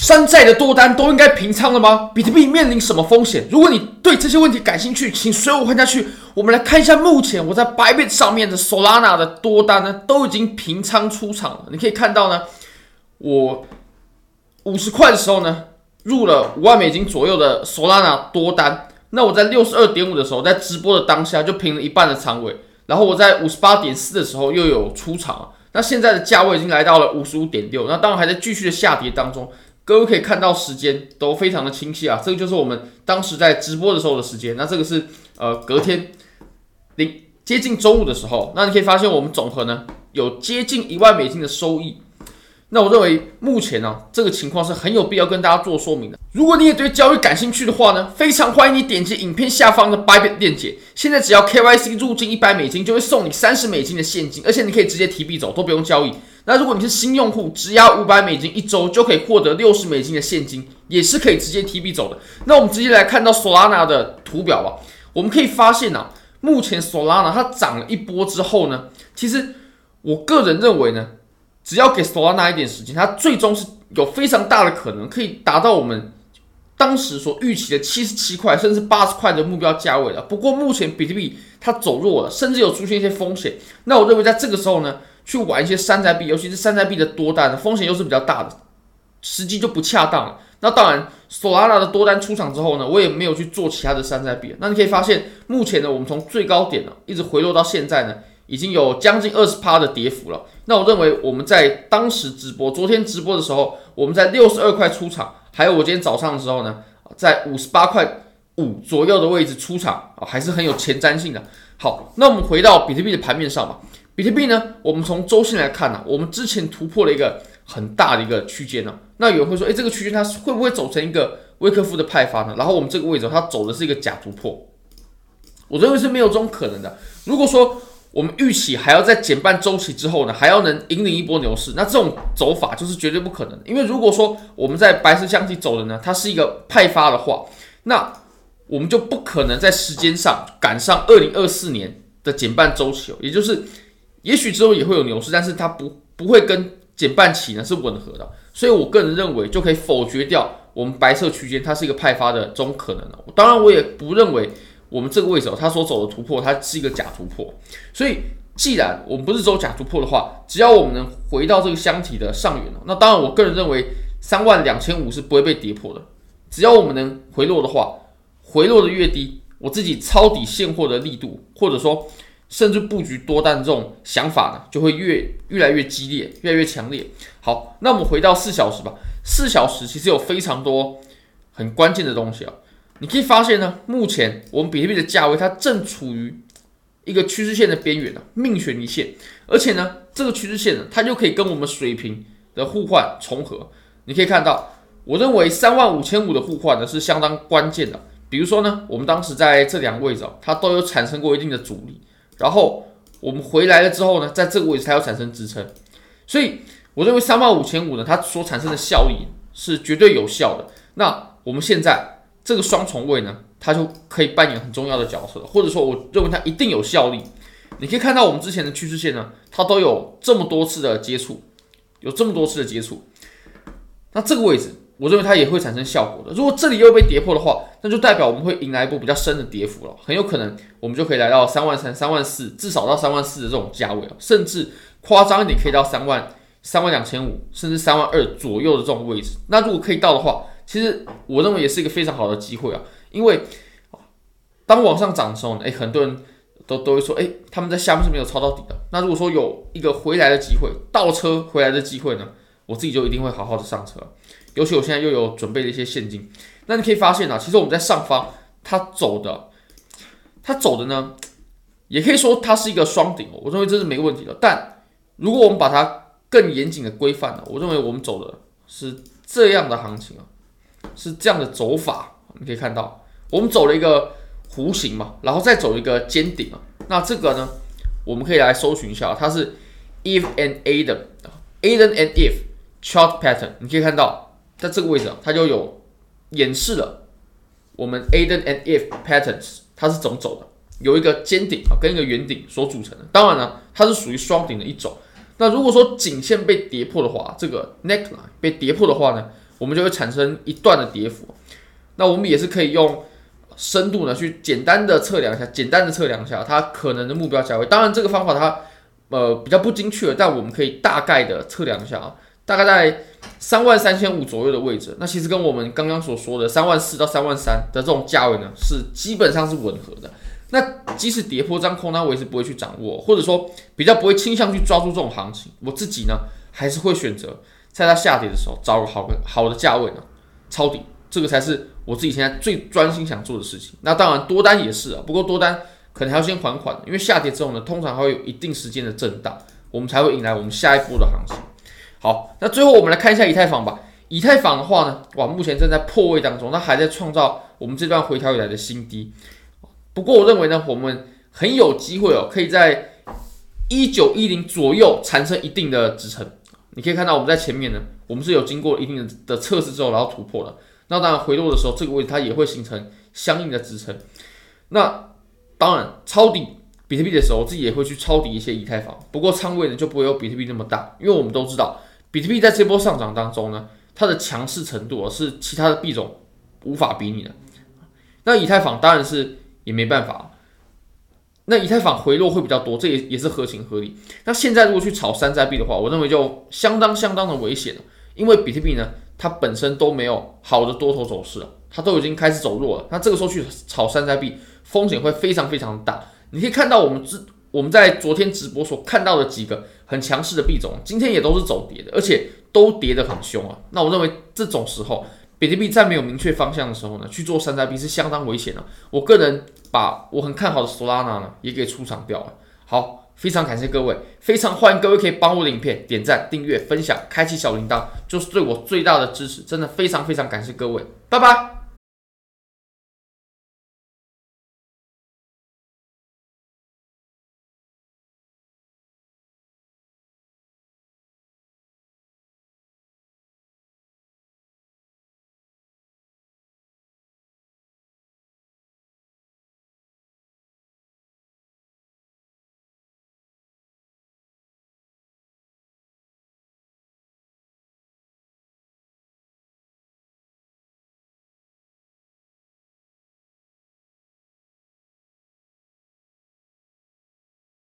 山寨的多單都應該平倉了嗎？比特幣面臨什麼風險？如果你對這些問題感興趣，請隨我看下去。我們來看一下，目前我在 Bybit 上面的 Solana 的多單呢，都已經平倉出場了。你可以看到呢，我五十塊的時候呢，入了五萬美金左右的 Solana 多單。那我在六十二點五的時候，在直播的當下就平了一半的倉位，然後我在五十八點四的時候又有出場。那現在的價位已經來到了五十五點六，那當然還在繼續的下跌當中。各位可以看到時間都非常的清晰啊，這個就是我們當時在直播的時候的時間。那這個是呃隔天零接近中午的時候，那你可以發現我們總和呢有接近一萬美金的收益。那我認為目前呢這個情況是很有必要跟大家做說明的。如果你也對交易感興趣的話呢，非常歡迎你點擊影片下方的 Bybit 鏈接。現在只要 KYC 入金一百美金，就會送你三十美金的現金，而且你可以直接提幣走，都不用交易。那如果你是新用戶，質押五百美金一週就可以獲得六十美金的現金，也是可以直接提幣走的。那我們直接來看到 Solana 的圖表吧。我們可以發現啊，目前 Solana 它漲了一波之後呢，其實我個人認為呢，只要給 Solana 一點時間，它最終是有非常大的可能可以達到我們當時所預期的七十七塊甚至八十塊的目標價位的。不過目前比特幣它走弱了，甚至有出現一些風險。那我認為在這個時候呢，去玩一些山寨幣，尤其是山寨幣的多單，風險又是比較大的，時機就不恰當了。那當然索拉拉的多單出場之後呢，我也沒有去做其他的山寨幣。那你可以發現，目前呢，我們從最高點呢、啊，一直回落到現在呢，已經有將近二十趴的跌幅了。那我認為我們在當時直播，昨天直播的時候，我們在六十二塊出場，還有我今天早上的時候呢，在五十八塊五左右的位置出場啊，還是很有前瞻性的。好，那我們回到比特幣的盤面上吧。比特幣呢，我們從週線來看呢、啊，我們之前突破了一個很大的一個區間呢。那有人會說，誒、欸，這個區間它會不會走成一個威克夫的派發呢？然後我們這個位置它走的是一個假突破，我認為是沒有這種可能的。如果說我們預期還要在減半週期之後呢，還要能引領一波牛市，那這種走法就是絕對不可能的。因為如果說我們在白色箱體走的呢，它是一個派發的話，那我們就不可能在時間上趕上2024年的減半週期、哦，也就是。也許之後也會有牛市，但是它不不會跟減半期呢是吻合的，所以我個人認為就可以否決掉我們白色區間它是一個派發的這種可能了。當然，我也不認為我們這個位置、哦、它所走的突破它是一個假突破。所以，既然我們不是走假突破的話，只要我們能回到這個箱體的上緣，那當然，我個人認為三萬兩千五是不會被跌破的。只要我們能回落的話，回落的越低，我自己抄底現貨的力度或者說。甚至布局多單這種想法呢，就會越越來越激烈，越來越強烈。好，那我們回到四小時吧。四小時其實有非常多很關鍵的東西啊、哦。你可以發現呢，目前我們比特幣的價位它正處於一個趨勢線的邊緣的、啊、命懸一線，而且呢，這個趨勢線呢，它就可以跟我們水平的互換重合。你可以看到，我認為三萬五千五的互換呢是相當關鍵的。比如說呢，我們當時在這兩個位置啊、哦，它都有產生過一定的阻力。然後我們回來了之後呢，在這個位置，它要產生支撐，所以我認為三萬五千五呢，它所產生的效益，是絕對有效的。那我們現在這個雙重位呢，它就可以扮演很重要的角色，或者說我認為它一定有效力。你可以看到我們之前的趨勢線呢，它都有這麼多次的接觸，有這麼多次的接觸，那這個位置。我認為它也會產生效果的。如果這裡又被跌破的話，那就代表我們會迎來一波比較深的跌幅了。很有可能我們就可以來到三萬三、三萬四，至少到三萬四的這種價位啊，甚至誇張一點，可以到三萬、三萬兩千五，甚至三萬二左右的這種位置。那如果可以到的話，其實我認為也是一個非常好的機會啊，因為當往上漲的時候呢，哎、欸，很多人都都會說，哎、欸，他們在下面是沒有抄到底的。那如果說有一個回來的機會，倒車回來的機會呢？我自己就一定會好好的上車，尤其我現在又有準備的一些現金。那你可以發現啊，其實我們在上方它走的，它走的呢，也可以說它是一個雙頂。我認為這是沒問題的，但如果我們把它更嚴謹的規範呢，我認為我們走的是這樣的行情啊，是這樣的走法。你可以看到，我們走了一個弧形嘛，然後再走一個尖頂啊。那這個呢，我們可以來搜尋一下，它是 Eve and Adam, Adam and Eve。Chart pattern，你可以看到，在這個位置啊，它就有演示了我們 a i d e n and If patterns 它是怎麼走的，由一個尖頂啊，跟一個圓頂所組成的。當然了，它是屬於雙頂的一種。那如果說頸線被跌破的話，這個 neckline 被跌破的話呢，我們就會產生一段的跌幅。那我們也是可以用深度呢去簡單的測量一下，簡單的測量一下啊，它可能的目標價位。當然這個方法它呃比較不精確，但我們可以大概的測量一下啊。大概在三萬三千五左右的位置，那其實跟我們剛剛所說的三萬四到三萬三的這種價位呢，是基本上是吻合的。那即使跌破這張空單，我也是不會去掌握，或者說比較不會傾向去抓住這種行情。我自己呢，還是會選擇在它下跌的時候，找個好的好的價位呢，抄底，這個才是我自己現在最專心想做的事情。那當然多單也是啊，不過多單可能還要先緩緩，因為下跌之後呢，通常還會有一定時間的震盪，我們才會迎來我們下一波的行情。好，那最後我們來看一下以太坊吧。以太坊的話呢，哇，目前正在破位當中，它還在創造我們這段回調以來的新低。不過我認為呢，我們很有機會哦，可以在1910左右產生一定的支撐。你可以看到我們在前面呢，我們是有經過一定的的測試之後，然後突破的。那當然回落的時候，這個位置它也會形成相應的支撐。那當然抄底比特幣的時候，我自己也會去抄底一些以太坊，不過倉位呢就不會有比特幣那麼大，因為我們都知道。比特幣在這波上漲當中呢，它的強勢程度是其他的幣種無法比擬的。那以太坊當然是也沒辦法，那以太坊回落會比較多，這也也是合情合理。那現在如果去炒山寨幣的話，我認為就相當相當的危險了，因為比特幣呢，它本身都沒有好的多頭走勢了，它都已經開始走弱了。那這個時候去炒山寨幣，風險會非常非常大。你可以看到我們之我們在昨天直播所看到的幾個。很強勢的幣種，今天也都是走跌的，而且都跌得很凶啊。那我認為這種時候，比特幣在沒有明確方向的時候呢，去做山寨幣是相當危險的啊。我個人把我很看好的 Solana 呢也給出場掉了。好，非常感謝各位，非常歡迎各位可以幫我的影片點讚、訂閱、分享、開啟小鈴鐺，就是對我最大的支持。真的非常非常感謝各位，拜拜。